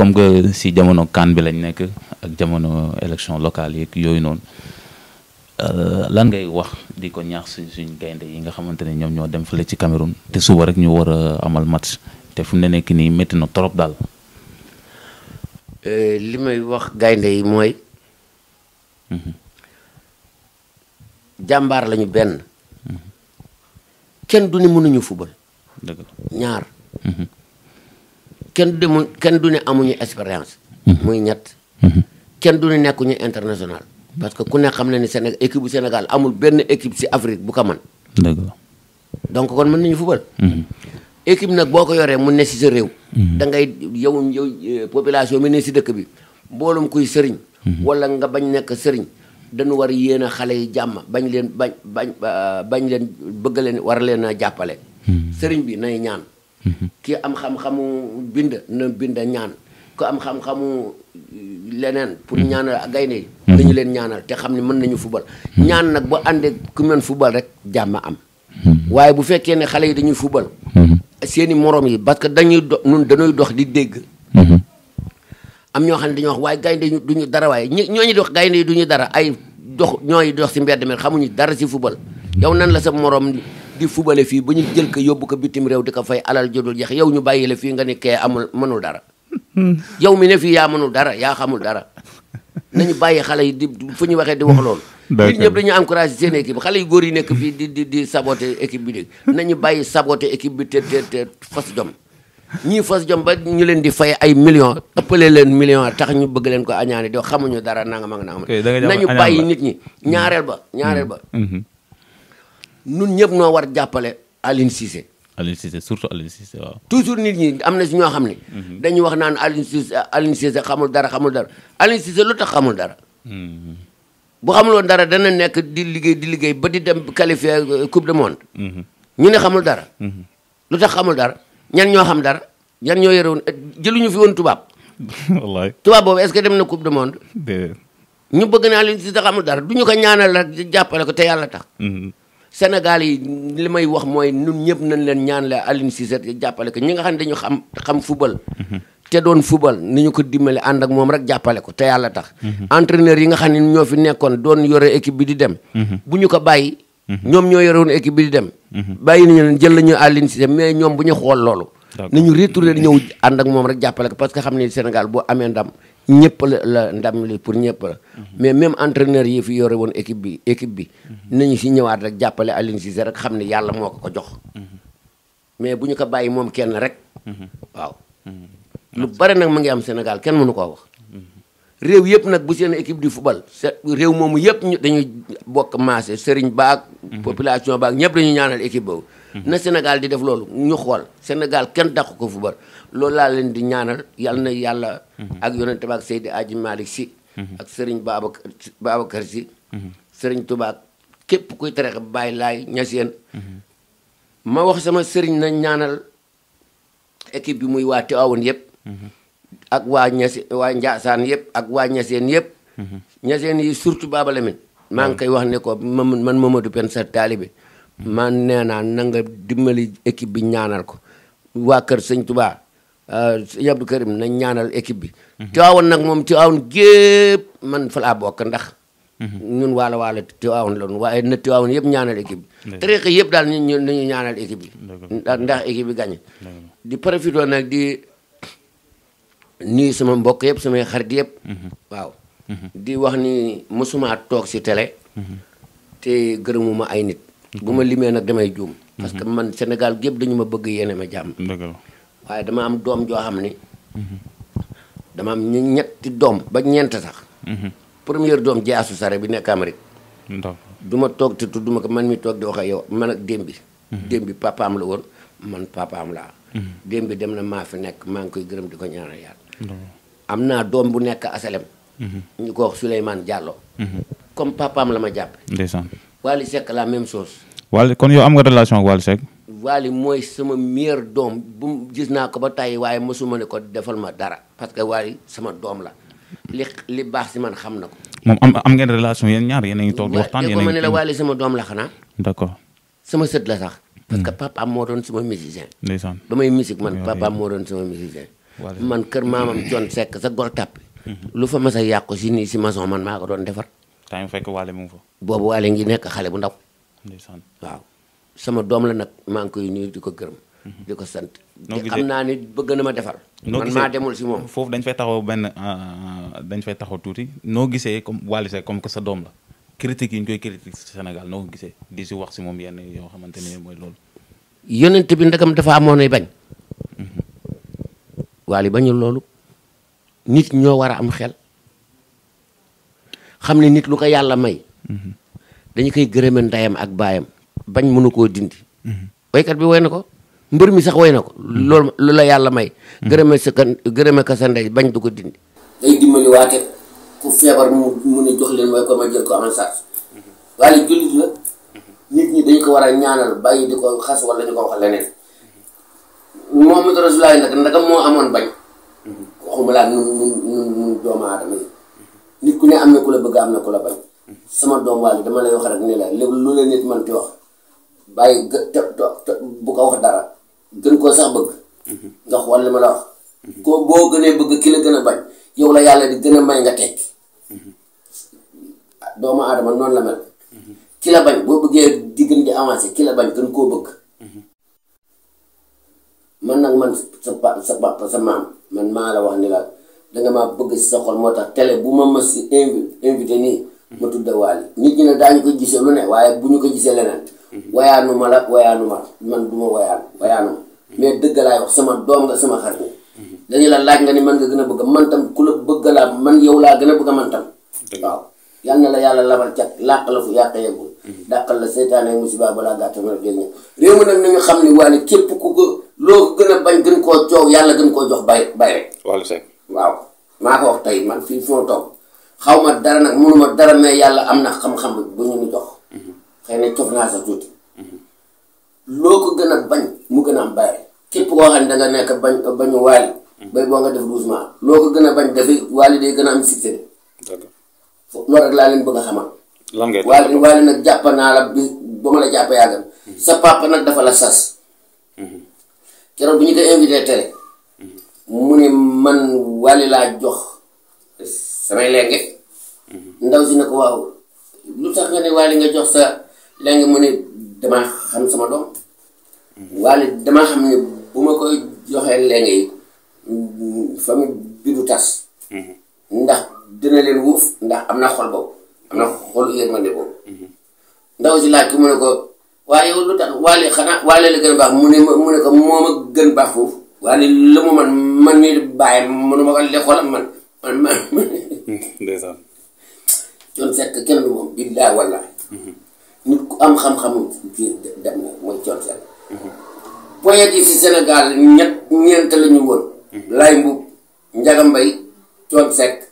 comme que si jamono kan bi lañ nekk ak jamono élection locale yeeg yooyu noonu euh, lan ngay wax di ko ñaax suñ suñ gaynde yi nga xamante ne ñoom ñoo dem fële ci Cameroun te suba rek ñu war a amal match te fu ne nekk nii métti trop daal. Euh, li may wax gaynde yi mooy. Mhm. jàmbaar lañu benn. Mhm. kenn du ni mënuñu fubal. ñaar. Mhm. kenn du kenn du ne amuñu expérience. Mhm. muy ñett. Mhm. kenn du ne ñu international. parce que ku ne xam na ni Sénégal équipe bu Sénégal amul benn équipe si Afrique bu ko mën. donc kon mën nañu fubal. Mhm. équipe nag boo ko yoree mu ne si sa réew. da ngay yow yow euh, population mi ne si dëkk bi mboolum kuy sëriñ. wala nga bañ nekk sëriñ. dañu war yéen a xale yi jàmm bañ leen bañ bañ euh, bañ leen bëgg leen war leen a jàppale. sëriñ bi nay ñaan. ki am xam-xamu bind na bind ñaan ku am xam-xamu eh, leneen pour mhm. ñaanal gaynde mhm. nañu leen ñaanal te xam ne mën nañu football mhm. ñaan nag ba àndee ku mën football rek jàmm am waaye bu fekkee ne xale yi dañuy football seeni moroom yi parce dañuy do ñun dañuy dox di dégg am ñoo xam ne dañuy wax waaye gaynde duñu dara waaye ñooñu dox gaynde yi duñu dara ay dox ñooy dox si mbedd mi xamuñu dara si football yow nan la sa morom di fubale fii ba ñu jël ko yóbbu ko bitim réew di ko fay alal jodul jeex yow ñu bàyyi la fii nga ne kee amul mënul dara yow mi ne fii yaa mënul dara yaa xamul dara nañu bàyyi xale yi di fu ñu waxee di wax loolu nit ñëpp dañu encouragé seen équipe xale yu góor yi nekk fii di di di saboté équipe bi dégg nañu bàyyi saboté équipe bi te te te fas jom ñii fas jom ba ñu leen di fay ay millions leen millions tax ñu bëgg leen ko añaane di xamuñu dara nangam ak nangam nañu bàyyi nit ñi ñaareel ba ñaareel mm. ba mm-hmm. nun ñëpp noo war jàppale Aliou Cissé. Aliou Cissé surtout Aliou Cissé waaw. toujours nit ñi am na si ñoo xam ne. Mhm. dañuy wax naan Aliou Cissé Aliou Cissé xamul dara xamul dara Aliou lu tax xamul dara. Mhm. bu xamuloon dara dana nekk di liggéey di liggéey ba di dem qualifier euh, coupe du monde. Mhm. ñu ne xamul dara. lu tax xamul dara ñan ñoo xam dara ñan ñoo yore woon jëluñu fi woon tubaab. wallaay tubaab boobu est-ce que dem na coupe du monde. ñu bëgg naa Aliou Cissé xamul dara du ñu ko ñaanal rek jàppale ko te yàlla tax. Sénégal yi li may wax mooy ñun ñëpp nañ leen ñaanle Aliou Cissé jàppale ko ñi nga xam ne dañu xam xam football. Mhm. te doon football ni ñu ko dimbale ànd ak moom rek jàppale ko te yàlla tax. Mhm. entraîneur yi nga xam ne ñoo fi nekkoon doon yore équipe bi di dem. Mhm. bu ñu ko bàyyi. ñoom ñoo yore woon équipe bi di dem. bàyyi nañu leen jël nañu Aliou Cissé mais ñoom bu ñu xool loolu. nañu retourné ñëw ànd ak moom rek jàppale ko parce que xam ne Sénégal boo amee ndam. ñëpp la la ndam li pour ñëpp la. mais même entraîneur yi fi yore woon équipe bi équipe bi. nañu si ñëwaat rek jàppale Aliou Cissé rek xam ne yàlla moo ko ko jox. mais bu ñu ko bàyyi moom kenn rek. waaw. lu bare nag mu ngi am Sénégal kenn mënu koo wax. réew yëpp nag bu seen équipe di football réew moomu yëpp dañuy bokk maase sëriñ baak population baak ñëpp dañuy ñaanal équipe boobu. na Sénégal di def loolu ñu xool senegal kenn dàq ko football loolu laa leen di ñaanal yal na yàlla. ak yonent tabak ak Seydi Aji Malick si. ak Serigne Babacar Babacar si. Serigne Touba képp kuy tere bàyyi laay ñaseen ma wax sama Serigne na ñaanal équipe bi muy waa Tivaouane yëpp. ak waa ñase waa Ndiassane yëpp ak waa ñaseen yëpp. ñaseen yi surtout Baba Lamine maa ngi koy wax ne ko man Mamadou Pène sa taalibe man nee naa na nga dimbali équipe bi ñaanal ko waa kër sëñ Touba euh, sëñ Karim nañ ñaanal équipe bi. Mhm. Tiwaawoon nag moom Tiwaawoon gépp man fa bokk ndax. Mhm. ñun waala waala Tiwaawoon la waaye na Tiwaawoon yëpp ñaanal équipe yëpp daal ñu ñu ñaanal équipe bi. ndax équipe bi gagné. di profité nag di nuyu mbokk yëpp samay xarit yëpp. Mhm. waaw. di wax ni mësuma toog si télé. te gërëmuma ay nit. bu ma limee nag damay juum. parce que man senegal gépp dañu ma bëgg yéene ma jàmm. waaye dama am doom joo xam ni. Mhm. dama am ñetti doom ba ñeent sax. Mhm. première doom jaasu sare bi nekk Amérique. du ma toog te tudduma ko man mi toog di wax ak yow man bi. démb mhm. la woon man papaam laa. démb bi dem na maa fi nekk maa ngi koy gërëm di ko ñaanal yàlla. am naa doom bu nekk asalem. ñu ko wax Souleymane Diallo. comme papaam la ma jàpp. Wally Seck la même chose. Wally kon yow am nga relation ak Wally Seck. Wally mooy sama meilleur doom bu gis naa ko ba tey waaye mosuma ne ko defal ma dara parce que Wally sama doom la li baax si man xam na ko. moom am am ngeen relation yéen ñaar yéen a ngi toog di waxtaan yéen a doom la xanaa. d'accord sama sët la sax. Hmm. parce que papaam moo doon sama musicien. ndeysaan ba may musique man papaam moo doon sama musicien. man kër maamam Thione Seck sa gol tàpp. Hmm. lu fa mas a yàqu si nii si maçon man maa ko doon defar. temps fekk waale mu ngi fa. boobu waale ngi nekk xale bu ndaw. ndeysaan waaw sama doom la nag maa ngi koy nuyu di ko gërëm. Mhm. di ko sant. noo xam naa ni bëgg na ma defar. man maa demul si moom. foofu dañ fay taxaw benn ah, ah, dañ fay taxaw tuuti noo gisee comme Wally comme que sa doom la critique yi ñu koy critique si Sénégal noo gisee di si wax si moom yenn yoo xamante ne mooy loolu. yonent bi ndagam dafa amoon ay bañ. Mhm. Wally bañul loolu. nit ñoo war a am xel. xam ne nit lu ko yàlla may. dañu koy gërëme ndeyam ak baayam bañ mënu koo dindi. waykat bi woy na ko mbër mi sax woy na ko. loolu lu la yàlla may. gërëme sa kan gërëme ka sa ndey bañ du ko dindi. day ko war a ñaanal bàyyi di ko xas wala di ko wax leneen. moom it rasulaay nag ndaka moo amoon bañ. waxuma laa la bëgg am na ku la bañ sama doom waali dama lay wax rek ne la lu la nit man di bàyyi te te bu ko wax dara gën koo sax bëgg nga xool ma la wax koo boo ki gën a bañ yow la yàlla di gën a may nga tekki ah, doomu aadama noonu la mel ki la bañ boo bëggee di gën di avancé ki la bañ gën koo bëgg man nag man sa papa sa maam man maa la wax ni la danga maa bëgg si sa xol moo tax télé bu ma mës si invité nii ma tudda Wally nit ñi ne daañu ko gisee lu ne waaye bu ñu ko gisee leneen mhm. wayaanu ma la wayaanu ma man du ma wayaan wayaanu ma mhm. mais dëgg laay sama doom sama xarit mhm. dañu la nga ni man nga gën a bëgg man tam ku la bëgg laa man yow laa gën a bëgg man tam waaw yal na la yàlla labal cat làq la fu yàq yeggul dàqal la seytaane musiba balaa gàttal ma jël ñëw réew mi nag nañu xam ni Wally képp ku ko loo gën a bañ koo coow yàlla gën koo jox bay bay rek waaw maa ko wax tey man fii fu ma xaw ma dara nag mënuma dara mais yàlla am na xam-xam bu ñu ñu jox mhm. xëy na cof naa sa tuuti mhm. loo ko gën a bañ mu gën a am bàyyi képp koo xam ne da nekk bañ bañu waali mhm. bay boo nga def doucement gën a bañ dafay waali day gën a am succès loolu rek laa leen bëgg a xamal lan ngay waali nag jàpp naa la bi ba ma la jàpp yàggal sa papa nag dafa la sas keroog bu ñu ko invité tere mu ne man wàlli laa jox samay lenge ndaw si ne ko waaw lu tax nga ne wàlli nga jox sa lenge mu ne damaa xam sama doom wàlli damaa xam ne bu ma ko joxee lenge yi famille bi du tas ndax dina leen wuuf ndax am na xol boobu am na xolu yërmande boobu ndaw si laaj ko mu ne ko waaye yow lu tax waale xanaa waale la gën baax mu ne mu ne ko moom a gën baax foofu waaye la mu man man mii di bàyyi mënuma ko lekk wala man man man. ndeysaan. Thione Seck kenn du moom billaay wallaay. nit ku am xam-xamu biir dem na mooy Thione Seck. poète si Sénégal ñett ñeent la woon. Mhm. Laye Mboup Ndiaga Mbaye Thione